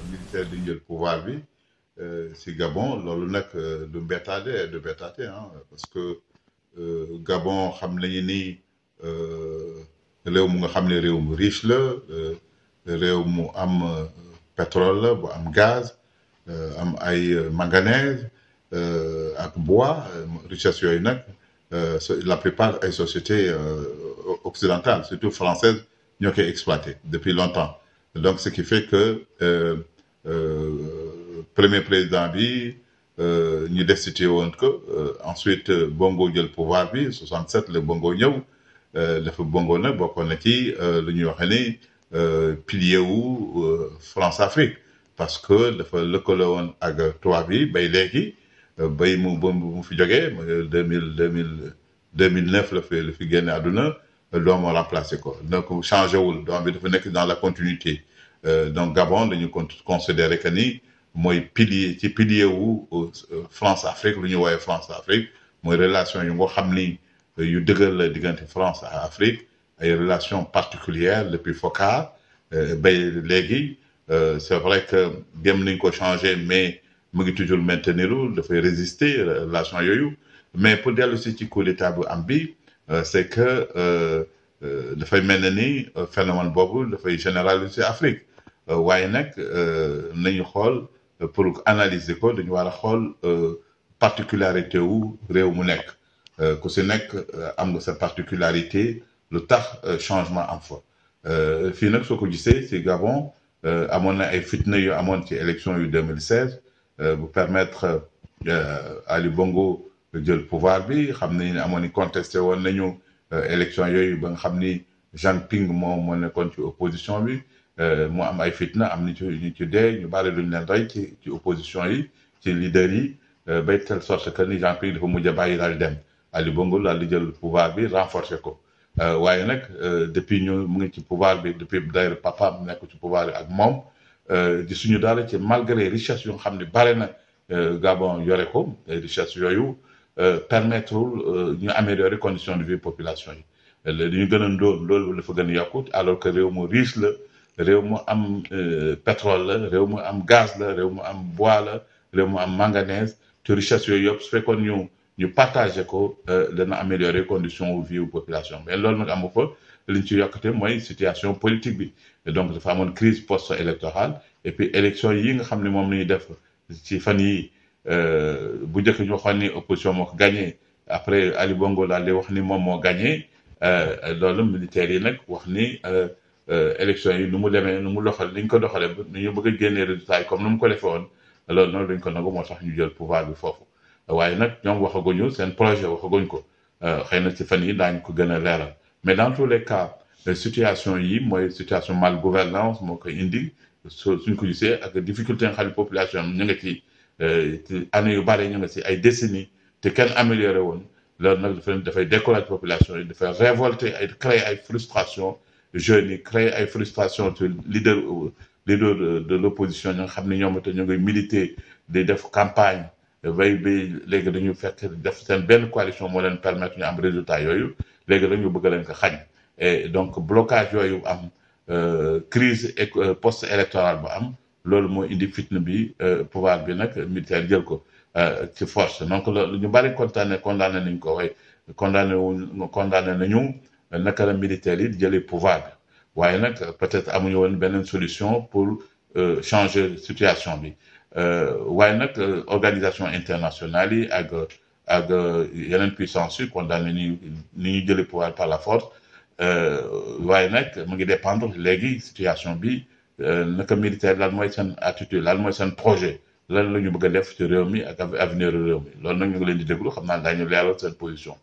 militaire di jël pouvoir bi euh, si Gabon loolu nag euh, du mbettaate du mbettaate ah parce que euh, Gabon xam nañu ni réew mu nga xam ne réew mu riche réew mu am pétrole la bu am gaz am ay manganèse ak bois richesse yooyu nag la plupart ay sociétés occidentales surtout françaises ñoo koy exploité depuis longtemps donc ce qui fait que euh, euh, premier président bi euh, ñu destitué woon ko ensuite Bongo jël pouvoir bi 67 la Bongo ñëw dafa Bongo na bokkoon na ci lu ñuy waxee ni pilier wu France Afrique parce que dafa lëkkale woon ak tubaab bi bay léegi bay mu ba mu fi jógee deux mille deux mille deux mille neuf la fi la fi génne àdduna doom euh, a remplacé ko donc changé wul doom bi dafa nekk dans la continuité euh, donc Gabon dañu con considéré que ni mooy pilier ci pilier wu euh, France Afrique lu ñu woowee France Afrique mooy relation yu nga xam ni yu dëgër la diggante France à Afrique ay relation particulière depuis Foccart bay léegi c'est vrai que jéem nañ ko changer mais mu ngi toujours maintenir dafay résister relation yooyu mais pour dellu si ci coup d'état bu am bi Euh, c'est que euh, euh, dafay mel ne ni phénomène boobu dafay généraliser Afrique waaye nag nañu xool pour analyser ko dañu war a xool particularité wu réew mu nekk ku si nekk am nga sa particularité lu tax changement am fa fii nag soo ko gisee si Gabon amoon na ay fitna yu amoon ci élection yu 2016 bu permettre Ali jël pouvoir bi xam nañu ne amoon i contesté woon nañu euh, élection yooyu ba nga xam ni Jean Ping moo moo nekkoon ci opposition bi euh, mu am ay fitna am ni ci ñu ci dee ñu bari duñ leen rey ci ci opposition yi ci leader yi euh, bay telle sorte que ni Jean Ping dafa mujj a bàyyi daal dem Ali Bongo daal di jël pouvoir bi renforcer ko waaye nag depuis ñu mu ngi ci pouvoir bi depuis d'ailleurs papa mu nekk ci pouvoir bi ak moom di suñu daal ci malgré richesse yu nga xam ni bare na Gabon yore ko richesse yooyu. Euh, permettre euh, ñu améliorer condition de vie population yi euh, li ñu gën a lool loolu dafa gën a yokku alors que réew moo riche la réew mu am pétrole la réew mu am gaz la réew mu am bois la réew mu am manganèse te richesse yooyu yëpp su fekkoon ñu ñu partagé ko dana améliorer condition vie wu population mais loolu nag amu fa li ñu ci yokkate mooy situation politique bi donc dafa amoon crise post électorale et puis yi nga xam ni moom la ñuy def ci fan yi Euh, bu jëkk ñu waxoon ni opposition moo ko gagné après Ali Bongo daal di wax ni moom moo gagné euh, loolu militaires yi nag wax ni euh, élection yi nu mu demee nu mu doxal ni ñu ko doxalee ba ñu a génnee résultat yi comme nu mu ko defee woon loolu noonu duñ ko nangu moo tax ñu jël pouvoir bi foofu waaye nag ñoom waxaguñu seen projet waxaguñ ko xëy na ci fan yi daañu ko gën a leeral mais dans tous les cas situation yi mooy situation mal gouvernance moo koy indi suñ ko gisee ak difficulté nga xam population ñu nga ci Euh, année yu bari ñoo nga si ay décennies te kenn amélioré woon loolu nag dafa leen dafay population yi dafay révolter ay créer ay frustration jeunes yi créer ay frustration ci leader leader de l' opposition ñi nga xam ne ñoo itam ñu ngi militer di def campagne bay bay léegi dañu fekk def seen benn coalition moo leen permettre ñu am résultat yooyu léegi dañu bëgg leen ko xañ e donc blocage yooyu am euh, crise post électorale bu am loolu mooy indi fitna bi euh, pouvoir bi nag militaire jël ko euh, ci force donc loolu ñu bëri condamné condamné nañ ko waaye condamné wu condamné nañu naka la militaire yi jëlee pouvoir bi waaye nag peut-être amuñu woon beneen solution pour euh, changer situation bi waaye nag organisation internationale yi ak ak yeneen puissance yi condamné ni ni ñu jëlee pouvoir par la force waaye nag mu ngi dépendre léegi situation bi Euh, naka militaire lan mooy seen attitude lan mooy seen projet lan la ñu bëgg def ci réew mi ak avenir réew mi loolu nag ñu ngi leen di déglu xam naa daañu leeral seen position